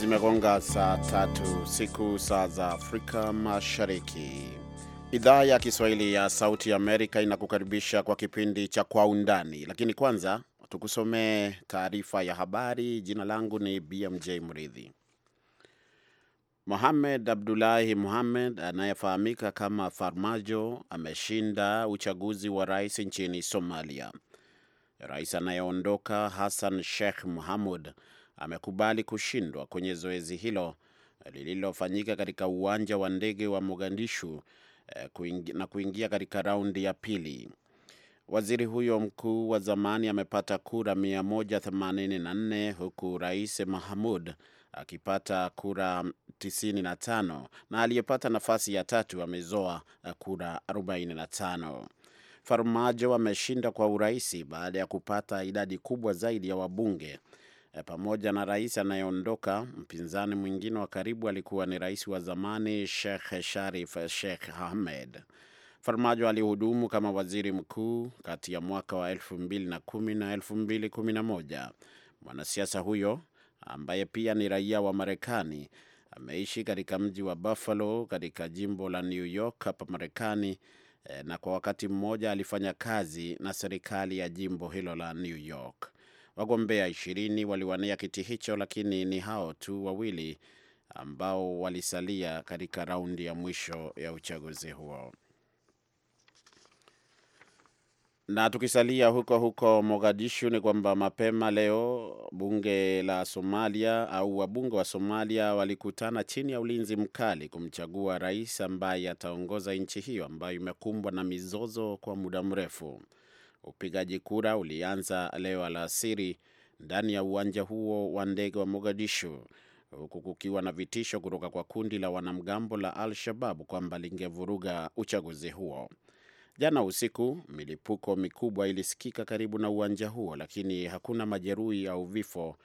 Zimegonga saa tatu siku saa za Afrika Mashariki. Idhaa ya Kiswahili ya Sauti Amerika inakukaribisha kwa kipindi cha Kwa Undani, lakini kwanza tukusomee taarifa ya habari. Jina langu ni BMJ Mridhi. Mohamed abdulahi Mohamed anayefahamika kama Farmajo ameshinda uchaguzi wa rais nchini Somalia. Rais anayeondoka Hassan Sheikh muhamud amekubali kushindwa kwenye zoezi hilo eh, lililofanyika katika uwanja wa ndege wa Mogadishu eh, na kuingia katika raundi ya pili. Waziri huyo mkuu wa zamani amepata kura 184 huku Rais Mahamud akipata kura 95 na aliyepata nafasi ya tatu amezoa eh, kura 45. Farmajo ameshinda kwa urahisi baada ya kupata idadi kubwa zaidi ya wabunge Eh, pamoja na rais anayeondoka. Mpinzani mwingine wa karibu alikuwa ni rais wa zamani Sheikh Sharif Sheikh Ahmed. Farmajo alihudumu kama waziri mkuu kati ya mwaka wa 2010 na 2011. Mwanasiasa huyo ambaye pia ni raia wa Marekani ameishi katika mji wa Buffalo katika jimbo la New York hapa Marekani, eh, na kwa wakati mmoja alifanya kazi na serikali ya jimbo hilo la New York. Wagombea ishirini waliwania kiti hicho, lakini ni hao tu wawili ambao walisalia katika raundi ya mwisho ya uchaguzi huo. Na tukisalia huko huko Mogadishu, ni kwamba mapema leo bunge la Somalia au wabunge wa Somalia walikutana chini ya ulinzi mkali kumchagua rais ambaye ataongoza nchi hiyo ambayo imekumbwa na mizozo kwa muda mrefu. Upigaji kura ulianza leo alasiri ndani ya uwanja huo wa ndege wa Mogadishu, huku kukiwa na vitisho kutoka kwa kundi la wanamgambo la Al Shabab kwamba lingevuruga uchaguzi huo. Jana usiku milipuko mikubwa ilisikika karibu na uwanja huo, lakini hakuna majeruhi au vifo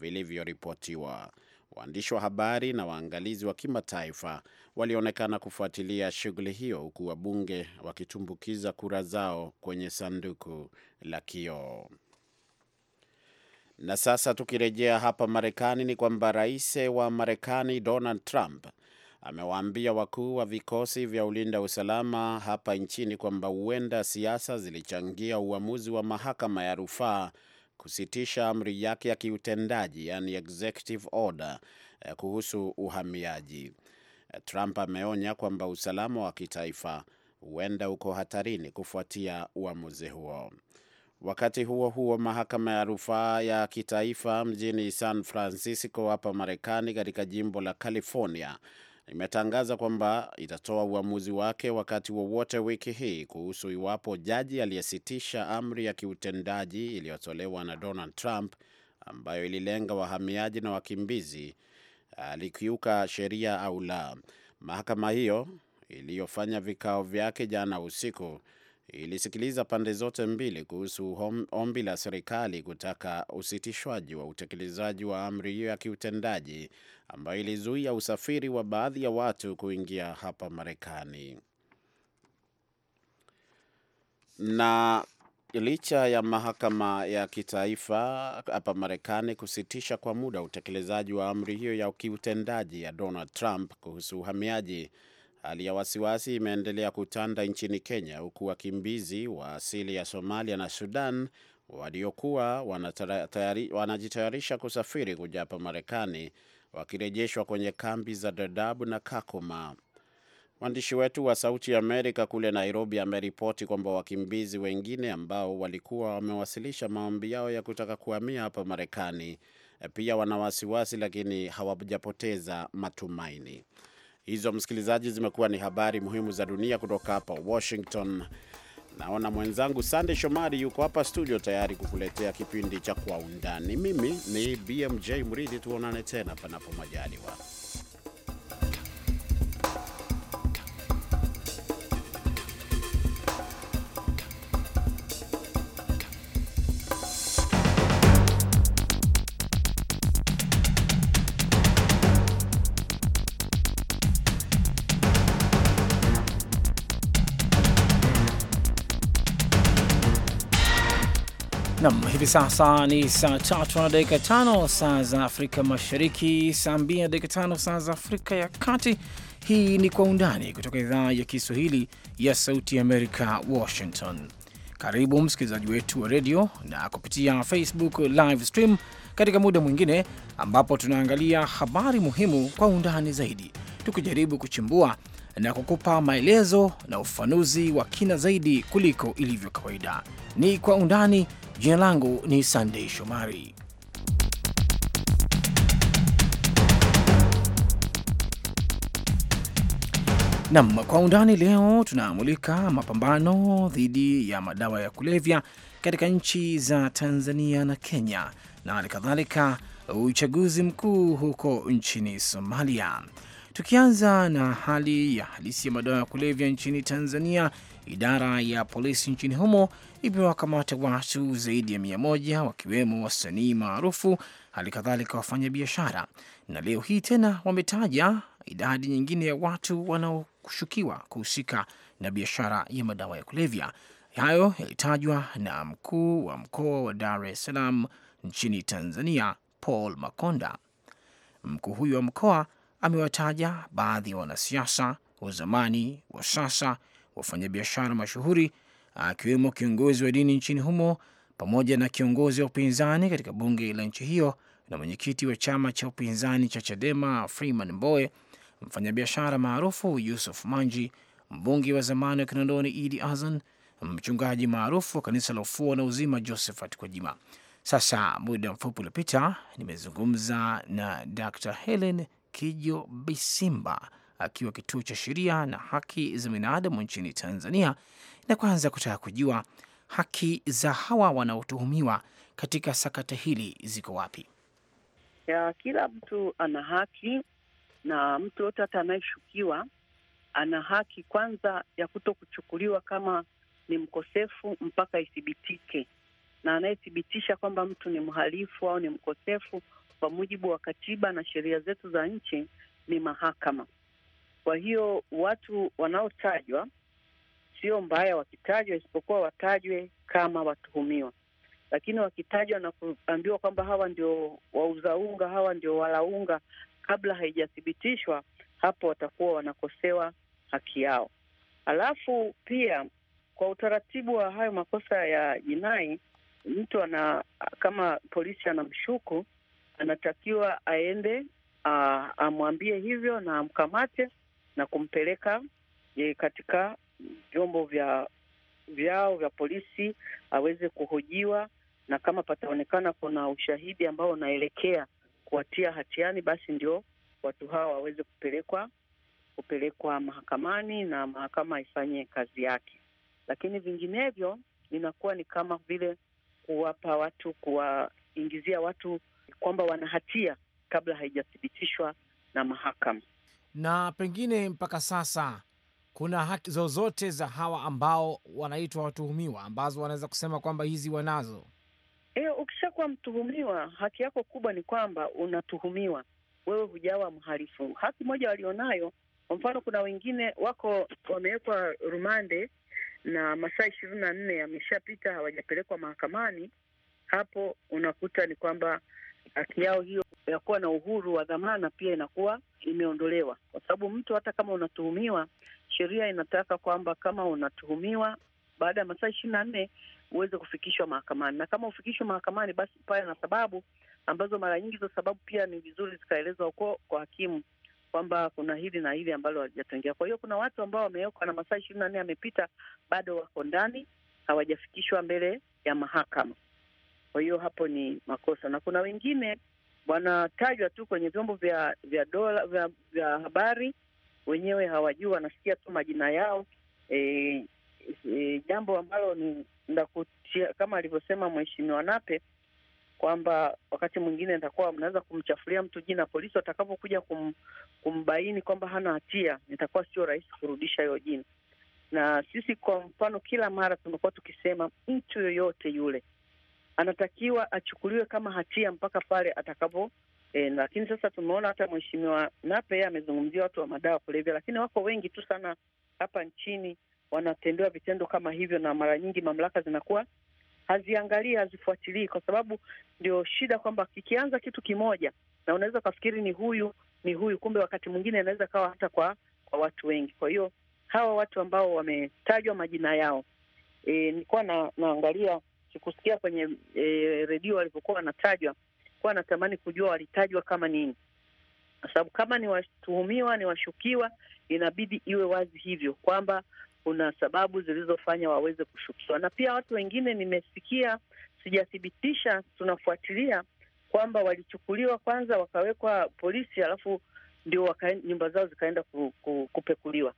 vilivyoripotiwa. Waandishi wa habari na waangalizi wa kimataifa walionekana kufuatilia shughuli hiyo huku wabunge wakitumbukiza kura zao kwenye sanduku la kioo. Na sasa tukirejea hapa Marekani, ni kwamba rais wa Marekani Donald Trump amewaambia wakuu wa vikosi vya ulinda usalama hapa nchini kwamba huenda siasa zilichangia uamuzi wa mahakama ya rufaa kusitisha amri yake ya kiutendaji yani executive order eh, kuhusu uhamiaji. Eh, Trump ameonya kwamba usalama wa kitaifa huenda uko hatarini kufuatia uamuzi huo. Wakati huo huo, mahakama ya rufaa ya kitaifa mjini San Francisco hapa Marekani, katika jimbo la California imetangaza kwamba itatoa uamuzi wake wakati wowote wiki hii kuhusu iwapo jaji aliyesitisha amri ya kiutendaji iliyotolewa na Donald Trump ambayo ililenga wahamiaji na wakimbizi alikiuka sheria au la. Mahakama hiyo iliyofanya vikao vyake jana usiku ilisikiliza pande zote mbili kuhusu ombi la serikali kutaka usitishwaji wa utekelezaji wa amri hiyo ya kiutendaji ambayo ilizuia usafiri wa baadhi ya watu kuingia hapa Marekani. Na licha ya mahakama ya kitaifa hapa Marekani kusitisha kwa muda utekelezaji wa amri hiyo ya kiutendaji ya Donald Trump kuhusu uhamiaji Hali ya wasiwasi imeendelea kutanda nchini Kenya, huku wakimbizi wa asili ya Somalia na Sudan waliokuwa wanajitayarisha kusafiri kuja hapa Marekani wakirejeshwa kwenye kambi za Dadaab na Kakuma. Mwandishi wetu wa Sauti ya Amerika kule Nairobi ameripoti kwamba wakimbizi wengine ambao walikuwa wamewasilisha maombi yao ya kutaka kuhamia hapa Marekani pia wana wasiwasi, lakini hawajapoteza matumaini. Hizo msikilizaji, zimekuwa ni habari muhimu za dunia kutoka hapa Washington. Naona mwenzangu Sande Shomari yuko hapa studio tayari kukuletea kipindi cha Kwa Undani. Mimi ni BMJ Mridhi, tuonane tena panapo majaliwa. sasa ni saa tatu na dakika tano saa za Afrika Mashariki, saa mbili na dakika tano saa za Afrika ya Kati. Hii ni Kwa Undani kutoka idhaa ya Kiswahili ya Sauti ya Amerika, Washington. Karibu msikilizaji wetu wa redio na kupitia Facebook live stream katika muda mwingine ambapo tunaangalia habari muhimu kwa undani zaidi, tukijaribu kuchimbua na kukupa maelezo na ufafanuzi wa kina zaidi kuliko ilivyo kawaida. Ni Kwa Undani. Jina langu ni sandey Shomari. Nam kwa undani leo tunamulika mapambano dhidi ya madawa ya kulevya katika nchi za Tanzania na Kenya na hali kadhalika uchaguzi mkuu huko nchini Somalia. Tukianza na hali ya halisi ya madawa ya kulevya nchini Tanzania idara ya polisi nchini humo imewakamata watu zaidi ya mia moja wakiwemo wasanii maarufu, hali kadhalika wafanyabiashara, na leo hii tena wametaja idadi nyingine ya watu wanaoshukiwa kuhusika na biashara ya madawa ya kulevya. Hayo yalitajwa na mkuu wa mkoa wa Dar es Salaam nchini Tanzania, Paul Makonda. Mkuu huyo wa mkoa amewataja baadhi ya wanasiasa wa zamani, wa sasa wafanyabiashara mashuhuri, akiwemo kiongozi wa dini nchini humo pamoja na kiongozi wa upinzani katika bunge la nchi hiyo na mwenyekiti wa chama cha upinzani cha Chadema Freeman Mbowe, mfanyabiashara maarufu Yusuf Manji, mbunge wa zamani wa Kinondoni Idi Azan, mchungaji maarufu wa kanisa la Ufuo na Uzima Josephat Kwajima. Sasa muda mfupi uliopita nimezungumza na Dr Helen Kijo Bisimba akiwa kituo cha sheria na haki za binadamu nchini Tanzania, na kwanza kutaka kujua haki za hawa wanaotuhumiwa katika sakata hili ziko wapi? Ya, kila mtu ana haki na mtu yote hata anayeshukiwa ana haki kwanza ya kuto kuchukuliwa kama ni mkosefu mpaka ithibitike, na anayethibitisha kwamba mtu ni mhalifu au ni mkosefu kwa mujibu wa katiba na sheria zetu za nchi ni mahakama. Kwa hiyo watu wanaotajwa sio mbaya wakitajwa, isipokuwa watajwe kama watuhumiwa. Lakini wakitajwa na kuambiwa kwamba hawa ndio wauza unga, hawa ndio wala unga, kabla haijathibitishwa, hapo watakuwa wanakosewa haki yao. Alafu pia kwa utaratibu wa hayo makosa ya jinai, mtu ana kama polisi anamshuku, anatakiwa aende amwambie hivyo na amkamate na kumpeleka e, katika vyombo vya vyao vya polisi aweze kuhojiwa, na kama pataonekana kuna ushahidi ambao unaelekea kuwatia hatiani, basi ndio watu hawa waweze kupelekwa kupelekwa mahakamani na mahakama ifanye kazi yake, lakini vinginevyo inakuwa ni kama vile kuwapa watu, kuwaingizia watu kwamba wana hatia kabla haijathibitishwa na mahakama na pengine mpaka sasa kuna haki zozote za hawa ambao wanaitwa watuhumiwa ambazo wanaweza kusema kwamba hizi wanazo? E, ukishakuwa mtuhumiwa, haki yako kubwa ni kwamba unatuhumiwa, wewe hujawa mhalifu. Haki moja walionayo, kwa mfano, kuna wengine wako wamewekwa rumande na masaa ishirini na nne yameshapita hawajapelekwa mahakamani, hapo unakuta ni kwamba haki yao hiyo ya kuwa na uhuru wa dhamana pia inakuwa imeondolewa, kwa sababu mtu hata kama unatuhumiwa, sheria inataka kwamba kama unatuhumiwa baada ya masaa ishirini na nne uweze kufikishwa mahakamani, na kama ufikishwe mahakamani, basi pale na sababu ambazo mara nyingi za sababu pia ni vizuri zikaelezwa uko kwa hakimu kwamba kuna hili na hili ambalo halijatengea. Kwa hiyo kuna watu ambao wamewekwa na masaa ishirini na nne yamepita, bado wako ndani, hawajafikishwa mbele ya mahakama. Kwa hiyo hapo ni makosa, na kuna wengine wanatajwa tu kwenye vyombo vya vya dola vya, vya habari, wenyewe hawajui, wanasikia tu majina yao e, e, jambo ambalo ni ndakutia, kama alivyosema mheshimiwa Nape kwamba wakati mwingine nitakuwa mnaweza kumchafulia mtu jina, polisi watakapokuja kum, kumbaini kwamba hana hatia, nitakuwa sio rahisi kurudisha hiyo jina. Na sisi kwa mfano, kila mara tumekuwa tukisema mtu yoyote yule anatakiwa achukuliwe kama hatia mpaka pale atakapo E, lakini sasa tumeona hata mheshimiwa Nape yeye amezungumzia watu wa madawa kulevya, lakini wako wengi tu sana hapa nchini wanatendewa vitendo kama hivyo, na mara nyingi mamlaka zinakuwa haziangalii, hazifuatilii, kwa sababu ndio shida kwamba kikianza kitu kimoja, na unaweza ukafikiri ni huyu ni huyu, kumbe wakati mwingine anaweza kawa hata kwa kwa watu wengi. Kwa hiyo hawa watu ambao wametajwa majina yao, e, nilikuwa na, naangalia sikusikia kwenye e, redio walivyokuwa wanatajwa, kuwa natamani kujua walitajwa kama nini, kwa sababu kama ni watuhumiwa, ni washukiwa, inabidi iwe wazi hivyo kwamba kuna sababu zilizofanya waweze kushukiwa. Na pia watu wengine nimesikia, sijathibitisha, tunafuatilia kwamba walichukuliwa kwanza wakawekwa polisi, alafu ndio nyumba zao zikaenda ku, ku, kupekuliwa.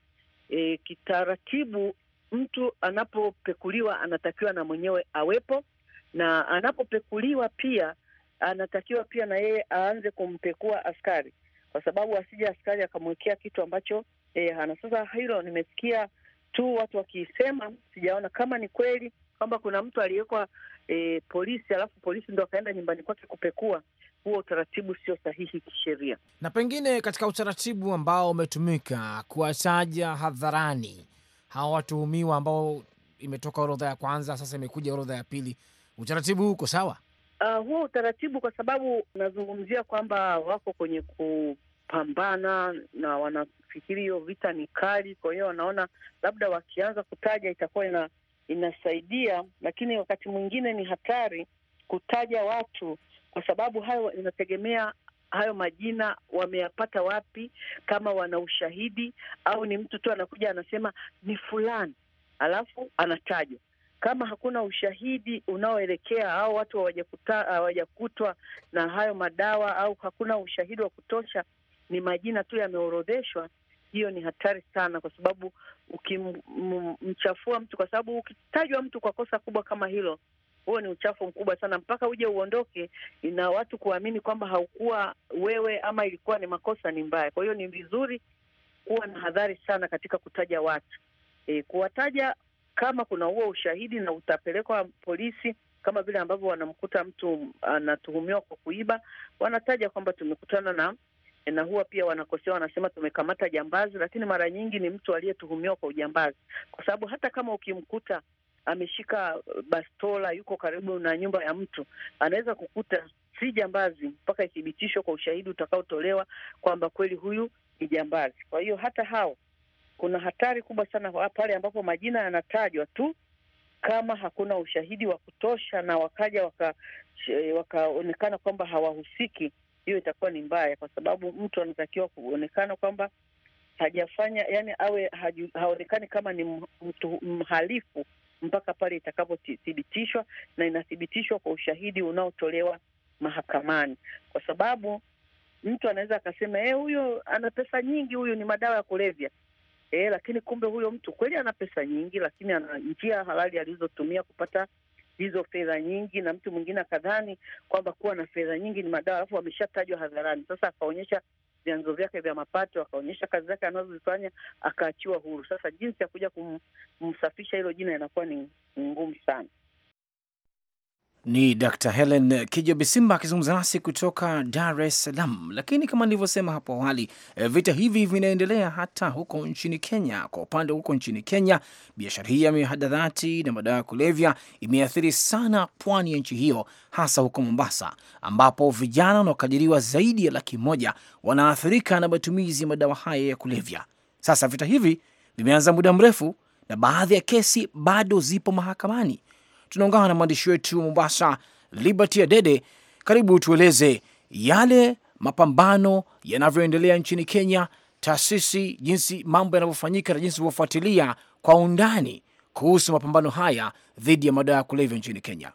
E, kitaratibu mtu anapopekuliwa anatakiwa na mwenyewe awepo, na anapopekuliwa pia anatakiwa pia na yeye aanze kumpekua askari, kwa sababu asije askari akamwekea kitu ambacho e, hana. Sasa hilo nimesikia tu watu wakisema, sijaona kama ni kweli kwamba kuna mtu aliyewekwa e, eh, polisi alafu polisi ndo akaenda nyumbani kwake kupekua. Huo utaratibu sio sahihi kisheria. Na pengine katika utaratibu ambao umetumika kuwataja hadharani hawa watuhumiwa ambao imetoka orodha ya kwanza, sasa imekuja orodha ya pili, utaratibu huu uko sawa? Uh, huo utaratibu kwa sababu unazungumzia kwamba wako kwenye kupambana na wanafikiri hiyo vita ni kali, kwa hiyo wanaona labda wakianza kutaja itakuwa ina, inasaidia, lakini wakati mwingine ni hatari kutaja watu kwa sababu hayo inategemea hayo majina wameyapata wapi, kama wana ushahidi au ni mtu tu anakuja anasema ni fulani, alafu anatajwa. Kama hakuna ushahidi unaoelekea au watu hawajakutwa na hayo madawa au hakuna ushahidi wa kutosha, ni majina tu yameorodheshwa, hiyo ni hatari sana, kwa sababu ukimchafua mtu, kwa sababu ukitajwa mtu kwa kosa kubwa kama hilo, huo ni uchafu mkubwa sana, mpaka uje uondoke na watu kuamini kwamba haukuwa wewe ama ilikuwa ni makosa, ni mbaya. Kwa hiyo ni vizuri kuwa na hadhari sana katika kutaja watu e, kuwataja kama kuna huo ushahidi na utapelekwa polisi, kama vile ambavyo wanamkuta mtu anatuhumiwa kwa kuiba, wanataja kwamba tumekutana na na huwa pia wanakosea, wanasema tumekamata jambazi, lakini mara nyingi ni mtu aliyetuhumiwa kwa ujambazi, kwa sababu hata kama ukimkuta ameshika uh, bastola, yuko karibu na nyumba ya mtu, anaweza kukuta si jambazi mpaka ithibitishwe kwa ushahidi utakaotolewa kwamba kweli huyu ni jambazi. Kwa hiyo hata hao, kuna hatari kubwa sana pale ambapo majina yanatajwa tu kama hakuna ushahidi wa kutosha na wakaja eh, wakaonekana waka kwamba hawahusiki, hiyo itakuwa ni mbaya, kwa sababu mtu anatakiwa kuonekana kwamba hajafanya, yani awe haonekani kama ni mtu mhalifu mpaka pale itakapothibitishwa, na inathibitishwa kwa ushahidi unaotolewa mahakamani, kwa sababu mtu anaweza akasema e, huyo ana pesa nyingi, huyu ni madawa ya kulevya e, lakini kumbe huyo mtu kweli ana pesa nyingi, lakini ana njia halali alizotumia kupata hizo fedha nyingi, na mtu mwingine akadhani kwamba kuwa na fedha nyingi ni madawa, alafu ameshatajwa hadharani. Sasa akaonyesha vyanzo vyake vya mapato, akaonyesha kazi zake anazozifanya, akaachiwa huru. Sasa jinsi ya kuja kumsafisha hilo jina inakuwa ni ngumu sana. Ni Dr. Helen kijobisimba Bisimba akizungumza nasi kutoka Dar es Salaam. Lakini kama nilivyosema hapo awali, eh, vita hivi vinaendelea hata huko nchini Kenya. Kwa upande huko nchini Kenya, biashara hii ya mihadarati na madawa ya kulevya imeathiri sana pwani ya nchi hiyo, hasa huko Mombasa, ambapo vijana wanaokadiriwa zaidi ya laki moja wanaathirika na matumizi ya madawa haya ya kulevya. Sasa vita hivi vimeanza muda mrefu na baadhi ya kesi bado zipo mahakamani tunaungana na mwandishi wetu wa Mombasa, Liberty Adede. Karibu tueleze yale mapambano yanavyoendelea nchini Kenya, taasisi, jinsi mambo yanavyofanyika na jinsi vinavyofuatilia kwa undani kuhusu mapambano haya dhidi ya madawa ya kulevya nchini Kenya.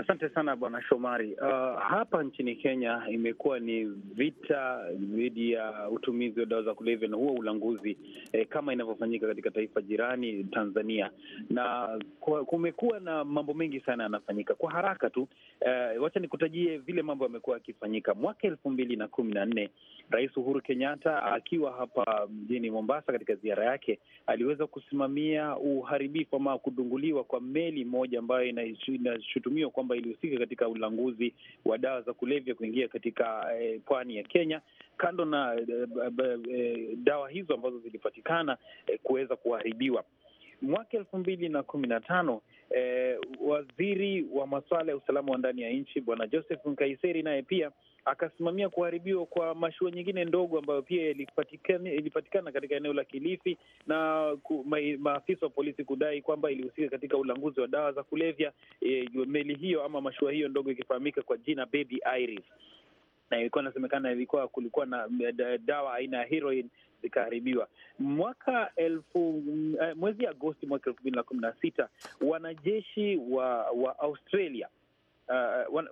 Asante sana bwana Shomari. Uh, hapa nchini Kenya imekuwa ni vita dhidi ya utumizi wa dawa za kulevya na huo ulanguzi eh, kama inavyofanyika katika taifa jirani Tanzania, na kumekuwa na mambo mengi sana yanafanyika kwa haraka tu. Uh, wacha nikutajie vile mambo yamekuwa yakifanyika. Mwaka elfu mbili na kumi na nne Rais Uhuru Kenyatta akiwa hapa mjini Mombasa katika ziara yake aliweza kusimamia uharibifu ama kudunguliwa kwa meli moja ambayo inashutumiwa kwamba kwamba ilihusika katika ulanguzi wa dawa za kulevya kuingia katika eh, pwani ya Kenya, kando na eh, eh, eh, dawa hizo ambazo zilipatikana eh, kuweza kuharibiwa mwaka elfu mbili na kumi na tano. Eh, waziri wa masuala ya usalama wa ndani ya nchi Bwana Joseph Nkaiseri naye pia akasimamia kuharibiwa kwa mashua nyingine ndogo ambayo pia ilipatikana, ilipatikana katika eneo la Kilifi na maafisa wa polisi kudai kwamba ilihusika katika ulanguzi wa dawa za kulevya. E, meli hiyo ama mashua hiyo ndogo ikifahamika kwa jina Baby Iris, na ilikuwa inasemekana ilikuwa kulikuwa na e, dawa aina ya heroin zikaharibiwa mwaka elfu e, mwezi Agosti mwaka elfu mbili na kumi na sita wanajeshi wa, wa Australia uh,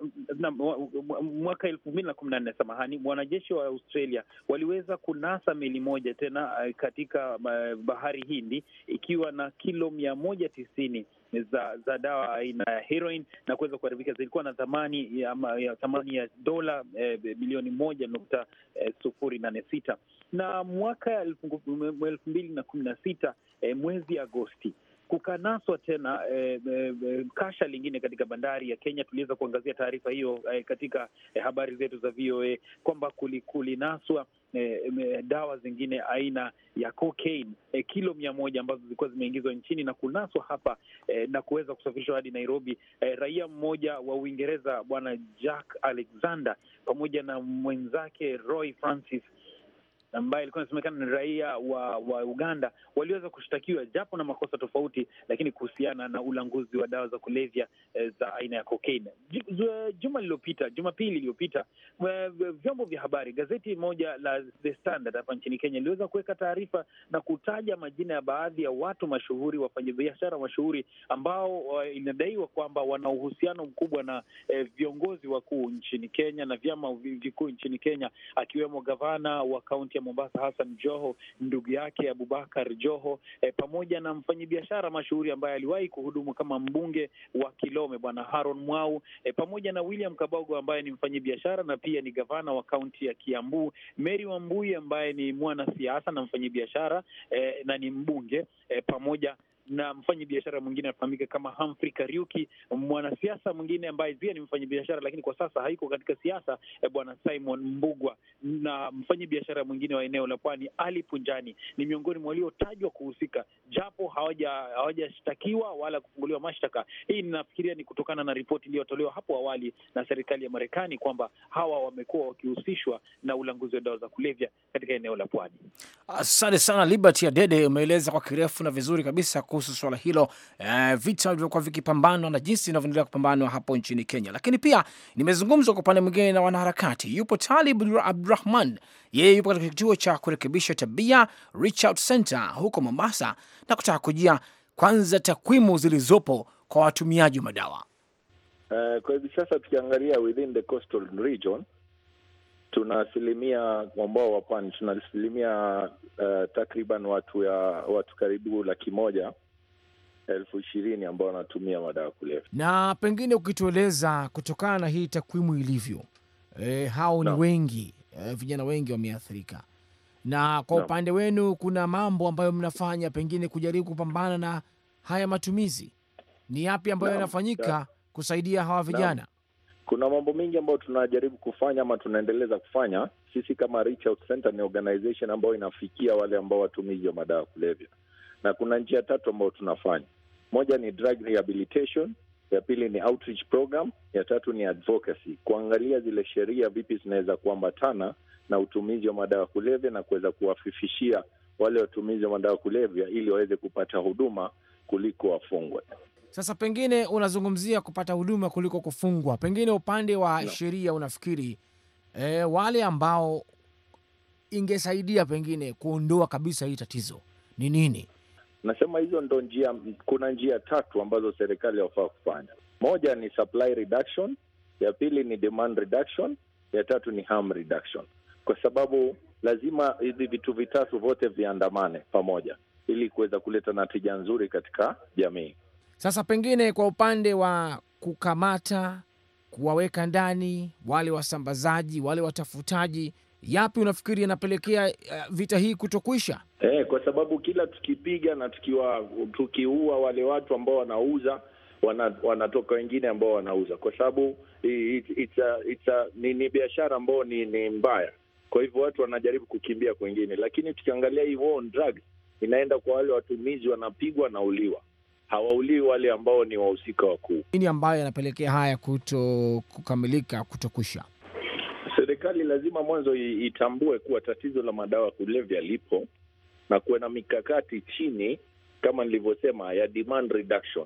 mwaka elfu mbili na kumi na nne samahani, wanajeshi wa Australia waliweza kunasa meli moja tena uh, katika uh, bahari Hindi ikiwa na kilo mia moja tisini za za dawa aina ya heroin na kuweza kuharibika. Zilikuwa na thamani ya, ya thamani ya dola bilioni uh, eh, moja nukta eh, sufuri nane sita na mwaka elfu mbili na kumi na sita eh, mwezi Agosti kukanaswa tena eh, eh, kasha lingine katika bandari ya Kenya. Tuliweza kuangazia taarifa hiyo eh, katika eh, habari zetu za VOA kwamba kulinaswa eh, dawa zingine aina ya cocaine eh, kilo mia moja ambazo zilikuwa zimeingizwa nchini na kunaswa hapa eh, na kuweza kusafirishwa hadi Nairobi. Eh, raia mmoja wa Uingereza bwana Jack Alexander pamoja na mwenzake Roy Francis ambaye ilikuwa inasemekana ni raia wa, wa Uganda waliweza kushtakiwa japo na makosa tofauti, lakini kuhusiana na ulanguzi wa dawa za kulevya e, za aina ya kokaini. Juma lililopita, Jumapili iliyopita, vyombo vya habari, gazeti moja la The Standard hapa nchini Kenya iliweza kuweka taarifa na kutaja majina ya baadhi ya watu mashuhuri, wafanyabiashara mashuhuri ambao inadaiwa kwamba wana uhusiano mkubwa na e, viongozi wakuu nchini Kenya na vyama vikuu nchini Kenya, akiwemo gavana wa kaunti yake Mombasa Hassan Joho, ndugu yake Abubakar Joho e, pamoja na mfanyabiashara mashuhuri ambaye aliwahi kuhudumu kama mbunge wa Kilome Bwana Haron Mwau e, pamoja na William Kabogo ambaye ni mfanyabiashara na pia ni gavana wa kaunti ya Kiambu, Mary Wambui ambaye ni mwanasiasa na mfanyabiashara e, na ni mbunge e, pamoja na mfanyabiashara mwingine anafahamika kama Humphrey Kariuki, mwanasiasa mwingine ambaye pia ni mfanyabiashara, lakini kwa sasa haiko katika siasa, e, bwana Simon Mbugwa, na mfanyabiashara mwingine wa eneo la Pwani Ali Punjani ni miongoni mwa waliotajwa kuhusika, japo hawajashtakiwa hawaja wala kufunguliwa mashtaka. Hii ninafikiria ni kutokana na ripoti iliyotolewa hapo awali na serikali ya Marekani kwamba hawa wamekuwa wakihusishwa na ulanguzi wa dawa za kulevya katika eneo la Pwani. Asante sana Liberty Adede, umeeleza kwa kirefu na vizuri kabisa kuhu kuhusu swala hilo, uh, vita vilivyokuwa vikipambanwa na jinsi vinavyoendelea kupambanwa hapo nchini Kenya. Lakini pia nimezungumza kwa upande mwingine na wanaharakati, yupo Talib Abdurahman, yeye yupo katika kituo cha kurekebisha tabia Reach Out Center huko Mombasa, na kutaka kujia kwanza takwimu zilizopo kwa watumiaji wa madawa. Uh, kwa hivi sasa tukiangalia within the coastal region tuna asilimia ambao wapani tuna asilimia uh, takriban watu ya watu karibu laki moja elfu ishirini ambao wanatumia madawa kulevya. Na pengine ukitueleza kutokana na hii takwimu ilivyo, e, hao ni no. wengi e, vijana wengi wameathirika. Na kwa upande wenu kuna mambo ambayo mnafanya pengine kujaribu kupambana na haya matumizi, ni yapi ambayo yanafanyika no. kusaidia hawa vijana no. Kuna mambo mengi ambayo tunajaribu kufanya ama tunaendeleza kufanya. Sisi kama Reach Out Center ni organization ambayo inafikia wale ambao watumizi wa madawa kulevya, na kuna njia tatu ambayo tunafanya. Moja ni drug rehabilitation, ya pili ni outreach program, ya tatu ni advocacy, kuangalia zile sheria vipi zinaweza kuambatana na utumizi wa madawa kulevya na kuweza kuwafifishia wale watumizi wa madawa kulevya ili waweze kupata huduma kuliko wafungwe. Sasa pengine unazungumzia kupata huduma kuliko kufungwa, pengine upande wa no. sheria unafikiri e, wale ambao ingesaidia pengine kuondoa kabisa hii tatizo ni nini? Nasema hizo ndo njia, kuna njia tatu ambazo serikali wafaa kufanya. Moja ni supply reduction, ya pili ni demand reduction, ya tatu ni harm reduction, kwa sababu lazima hivi vitu vitatu vyote viandamane pamoja ili kuweza kuleta natija nzuri katika jamii. Sasa pengine kwa upande wa kukamata, kuwaweka ndani wale wasambazaji, wale watafutaji yapi unafikiri yanapelekea eh, vita hii kutokuisha? Eh, kwa sababu kila tukipiga na tukiwa tukiua wale watu ambao wanauza wana, wanatoka wengine ambao wanauza, kwa sababu it, it, it, ni, ni biashara ambao ni, ni mbaya. Kwa hivyo watu wanajaribu kukimbia kwengine, lakini tukiangalia hii war on drugs inaenda kwa wale watumizi, wanapigwa, uliwa hawauliwi wale ambao ni wahusika wakuu. Nini ambayo yanapelekea haya kuto kukamilika, kutokwisha? Serikali lazima mwanzo itambue kuwa tatizo la madawa ya kulevya lipo na kuwe na mikakati chini, kama nilivyosema, ya demand reduction,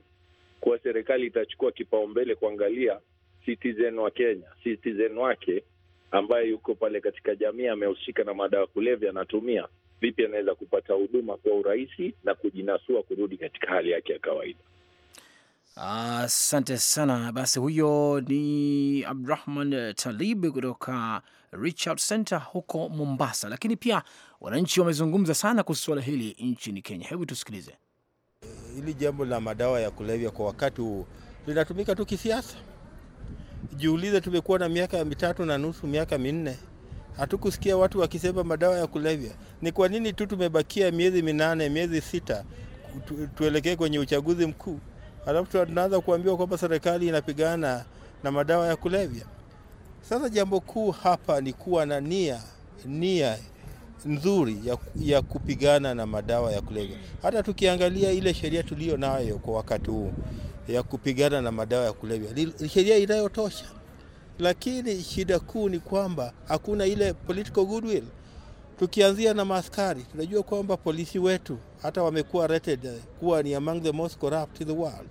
kuwa serikali itachukua kipaumbele kuangalia citizen wa Kenya, citizen wake ambaye yuko pale katika jamii amehusika na madawa ya kulevya, anatumia vipi, anaweza kupata huduma kwa urahisi na kujinasua kurudi katika hali yake ya kawaida. Asante sana. Basi huyo ni Abdurahman Talib kutoka Richard Center huko Mombasa. Lakini pia wananchi wamezungumza sana kuhusu suala hili nchini Kenya. Hebu tusikilize. Hili jambo la madawa ya kulevya kwa wakati huu linatumika tu kisiasa. Jiulize, tumekuwa na miaka mitatu na nusu, miaka minne, hatukusikia watu wakisema madawa ya kulevya. Ni kwa nini tu tumebakia miezi minane, miezi sita, tuelekee kwenye uchaguzi mkuu? alafu tunaanza kuambiwa kwamba serikali inapigana na madawa ya kulevya. Sasa jambo kuu hapa ni kuwa na nia nia nzuri ya, ya kupigana na madawa ya kulevya. Hata tukiangalia ile sheria tuliyo nayo kwa wakati huu ya kupigana na madawa ya kulevya ni sheria inayotosha, lakini shida kuu ni kwamba hakuna ile political goodwill. Tukianzia na maaskari, tunajua kwamba polisi wetu hata wamekuwa rated eh, kuwa ni among the most corrupt in the world,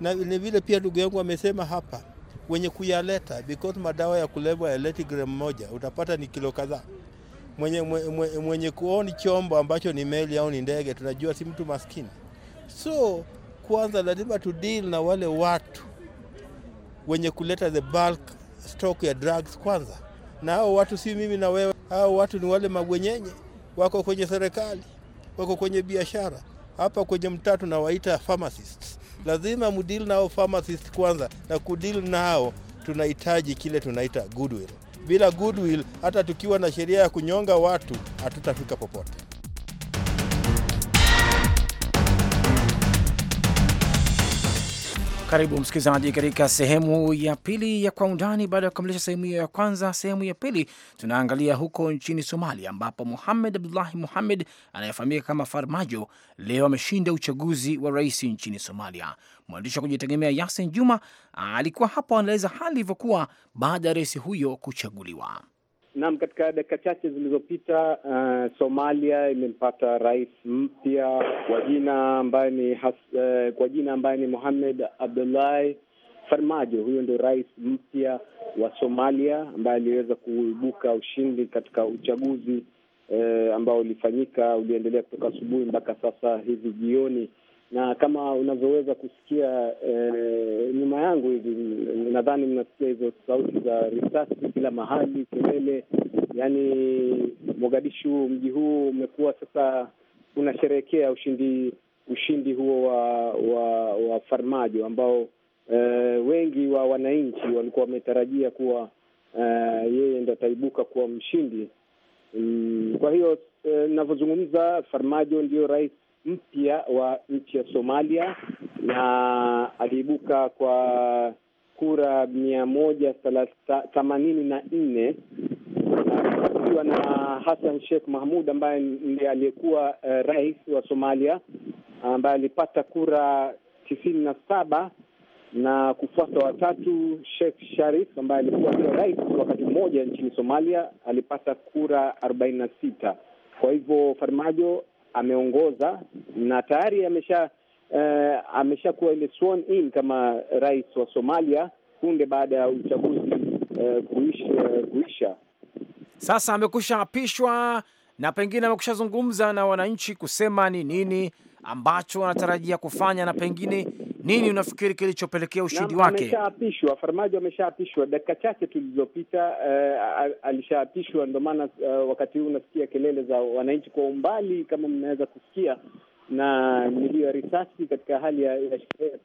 na ni vile pia ndugu yangu amesema hapa wenye kuyaleta because madawa ya kulevya yaleti gram moja utapata ni kilo kadhaa. Mwenye, mwenye, mwenye kuoni chombo ambacho ni meli au ni ndege, tunajua si mtu maskini. So kwanza lazima tu deal na wale watu wenye kuleta the bulk stock ya drugs kwanza na hao watu si mimi na wewe. Hao watu ni wale magwenyenye wako kwenye serikali, wako kwenye biashara. Hapa kwenye mtaa tunawaita pharmacists. Lazima mudili nao pharmacist kwanza, na kudeal nao tunahitaji kile tunaita goodwill. Bila goodwill, hata tukiwa na sheria ya kunyonga watu hatutafika popote. Karibu msikilizaji katika sehemu ya pili ya Kwa Undani. Baada ya kukamilisha sehemu hiyo ya kwanza, sehemu ya pili tunaangalia huko nchini Somalia, ambapo Muhamed Abdullahi Muhamed anayefahamika kama Farmajo leo ameshinda uchaguzi wa rais nchini Somalia. Mwandishi wa kujitegemea Yasin Juma alikuwa hapo, anaeleza hali ilivyokuwa baada ya rais huyo kuchaguliwa. Naam, katika dakika chache zilizopita uh, Somalia imempata rais mpya kwa jina ambaye ni uh, kwa jina ambaye ni Mohamed Abdullahi Farmajo. Huyo ndio rais mpya wa Somalia ambaye aliweza kuibuka ushindi katika uchaguzi uh, ambao ulifanyika uliendelea kutoka asubuhi mpaka sasa hivi jioni na kama unavyoweza kusikia eh, nyuma yangu hivi, nadhani mnasikia hizo sauti za risasi kila mahali, kelele. Yaani Mogadishu, mji huu umekuwa sasa unasherehekea ushindi ushindi huo wa wa, wa Farmajo ambao eh, wengi wa wananchi walikuwa wametarajia kuwa eh, yeye ndo ataibuka kuwa mshindi mm. Kwa hiyo eh, ninavyozungumza, navyozungumza Farmajo ndio rais mpya wa nchi ya Somalia na aliibuka kwa kura mia moja themanini na nne akiwa na Hassan Sheikh Mahmud ambaye ndiye aliyekuwa uh, rais wa Somalia ambaye alipata kura tisini na saba na kufuata watatu Sheikh Sharif ambaye alikuwa ndio rais wakati mmoja nchini Somalia alipata kura arobaini na sita. Kwa hivyo Farmajo ameongoza na tayari amesha uh, eh, ameshakuwa ile sworn in kama rais wa Somalia punde baada ya uchaguzi uh, eh, kuisha, eh, kuisha. Sasa amekusha apishwa na pengine amekusha zungumza na wananchi kusema ni nini ambacho wanatarajia kufanya na pengine nini unafikiri kilichopelekea ushindi wake? Ameshaapishwa, Farmajo ameshaapishwa dakika chache tu uh, alishaapishwa. Ndio maana uh, wakati huu unasikia kelele za wananchi kwa umbali, kama mnaweza kusikia na milio ya risasi katika hali ya, ya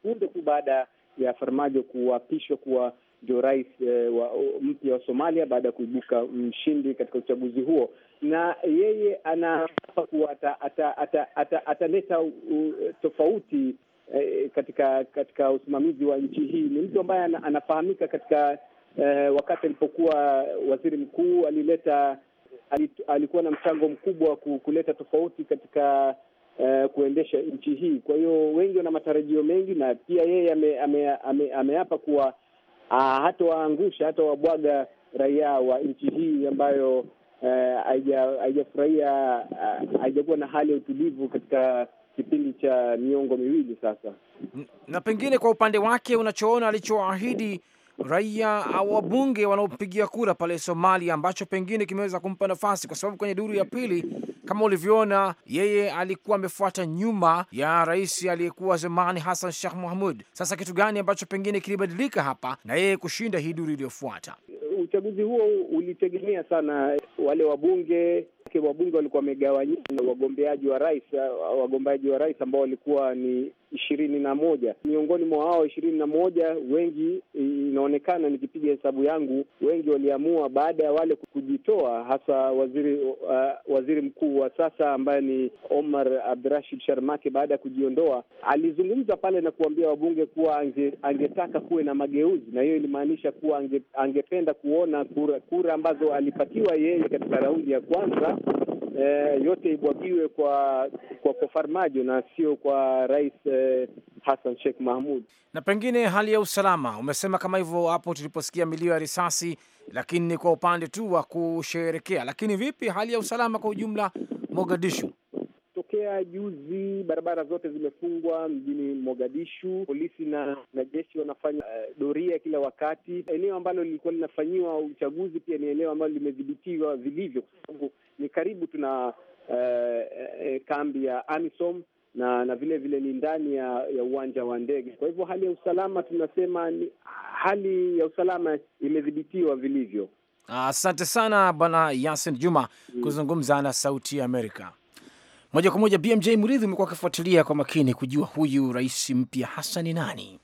punde tu baada ya Farmajo kuapishwa kuwa ndio rais eh, wa mpya wa Somalia baada ya kuibuka mshindi katika uchaguzi huo, na yeye anaapa kuwa ataleta tofauti eh, katika katika usimamizi wa nchi hii. Ni mtu ambaye anafahamika katika eh, wakati alipokuwa waziri mkuu alileta alikuwa na mchango mkubwa wa kuleta tofauti katika uh, kuendesha nchi hii. Kwa hiyo wengi wana matarajio mengi, na pia yeye ameapa ame, ame, ame kuwa uh, hatawaangusha hata wabwaga raia wa nchi hii ambayo eh, haijafurahia uh, ah, haijakuwa uh, na hali ya utulivu katika kipindi cha miongo miwili sasa. Na pengine kwa upande wake unachoona alichoahidi raia au wabunge wanaopigia kura pale Somalia ambacho pengine kimeweza kumpa nafasi, kwa sababu kwenye duru ya pili kama ulivyoona, yeye alikuwa amefuata nyuma ya rais aliyekuwa zamani Hassan Sheikh Mohamud. Sasa kitu gani ambacho pengine kilibadilika hapa na yeye kushinda hii duru iliyofuata? Uchaguzi huo ulitegemea sana wale wabunge maanake wabunge walikuwa wamegawanyika, wagombeaji wa rais, uh, wagombeaji wa rais ambao walikuwa ni ishirini na moja. Miongoni mwa hao ishirini na moja, wengi inaonekana, nikipiga hesabu yangu, wengi waliamua baada ya wale kujitoa, hasa waziri uh, waziri mkuu wa sasa ambaye ni Omar Abdirashid Sharmake, baada ya kujiondoa, alizungumza pale na kuambia wabunge kuwa ange, angetaka kuwe na mageuzi, na hiyo ilimaanisha kuwa ange, angependa kuona kura, kura ambazo alipatiwa yeye katika raundi ya kwanza eh, yote ibwagiwe kwa kwa Farmajo na sio kwa Rais eh, Hassan Sheikh Mahmud. Na pengine hali ya usalama, umesema kama hivyo hapo tuliposikia milio ya risasi, lakini ni kwa upande tu wa kusherekea. Lakini vipi hali ya usalama kwa ujumla Mogadishu? Kutokea juzi, barabara zote zimefungwa mjini Mogadishu. Polisi na, na jeshi wanafanya uh, doria kila wakati. Eneo ambalo lilikuwa linafanyiwa uchaguzi pia ni eneo ambalo limedhibitiwa vilivyo, kwa sababu ni karibu tuna uh, uh, kambi ya AMISOM na na vile vile ni ndani ya, ya uwanja wa ndege. Kwa hivyo hali ya usalama tunasema ni hali ya usalama imedhibitiwa vilivyo. Asante sana Bwana Yasin Juma mm. kuzungumza na Sauti ya Amerika. Moja kwa moja, BMJ mridhi umekuwa akifuatilia kwa makini kujua huyu rais mpya hasa ni nani?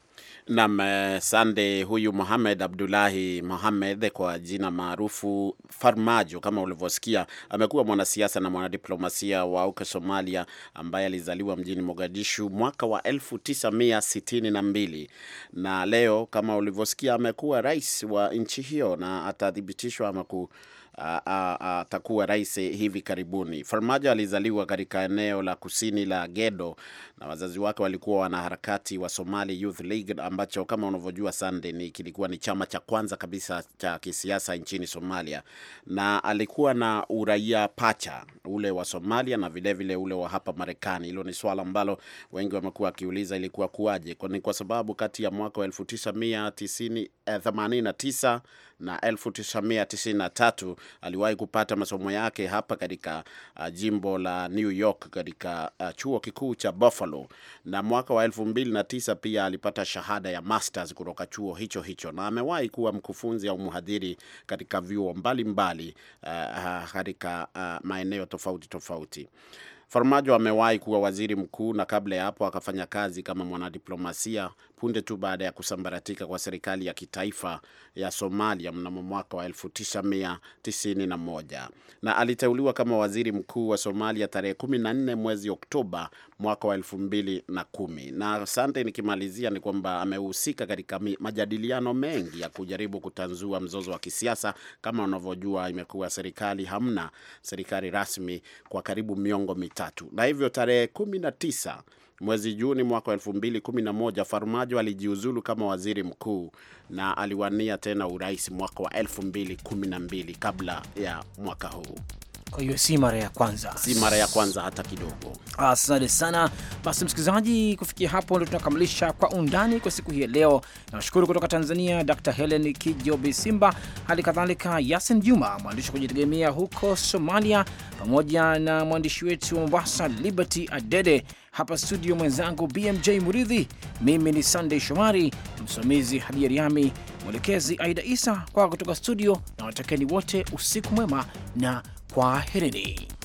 Nam eh, sande, huyu Mohamed Abdullahi Mohamed kwa jina maarufu Farmajo, kama ulivyosikia, amekuwa mwanasiasa na mwanadiplomasia wa uke Somalia, ambaye alizaliwa mjini Mogadishu mwaka wa 1962 na leo, kama ulivyosikia, amekuwa rais wa nchi hiyo na atathibitishwa ama ku atakuwa rais hivi karibuni. Farmajo alizaliwa katika eneo la kusini la Gedo na wazazi wake walikuwa wanaharakati wa Somali Youth League, ambacho kama unavyojua Sande, ni kilikuwa ni chama cha kwanza kabisa cha kisiasa nchini Somalia, na alikuwa na uraia pacha ule wa Somalia na vilevile vile ule wa hapa Marekani. Hilo ni swala ambalo wengi wamekuwa wakiuliza ilikuwa kuwaje, ni kwa sababu kati ya mwaka wa 1989 na 1993 aliwahi kupata masomo yake hapa katika uh, jimbo la New York katika uh, chuo kikuu cha Buffalo, na mwaka wa 2009 pia alipata shahada ya masters kutoka chuo hicho hicho, na amewahi kuwa mkufunzi au mhadhiri katika vyuo mbalimbali uh, uh katika uh, maeneo tofauti tofauti. Farmajo amewahi kuwa waziri mkuu na kabla ya hapo akafanya kazi kama mwanadiplomasia punde tu baada ya kusambaratika kwa serikali ya kitaifa ya Somalia mnamo mwaka wa 1991 na aliteuliwa kama waziri mkuu wa Somalia tarehe 14 mwezi Oktoba mwaka wa 2010. Na asante, nikimalizia ni kwamba amehusika katika majadiliano mengi ya kujaribu kutanzua mzozo wa kisiasa. Kama unavyojua, imekuwa serikali hamna serikali rasmi kwa karibu miongo mitatu, na hivyo tarehe 19 Mwezi Juni mwaka moja Farmajo alijiuzulu kama waziri mkuu na aliwania tena urais mwaka wa mbili kabla ya mwaka huu. Kwa hiyo si mara ya kwanza, si mara ya kwanza hata kidogo. Asante sana. Basi msikilizaji, kufikia hapo ndio tunakamilisha kwa undani kwa siku hii ya leo. Nawashukuru kutoka Tanzania, Dr Helen Kijobi Simba, hali kadhalika Yasin Juma, mwandishi wa kujitegemea huko Somalia, pamoja na mwandishi wetu wa Mombasa Liberty Adede hapa studio mwenzangu BMJ Muridhi, mimi ni Sunday Shomari, msimamizi Hadia Riami, mwelekezi Aida Isa. Kwa kutoka studio na watakeni wote usiku mwema na kwaherini.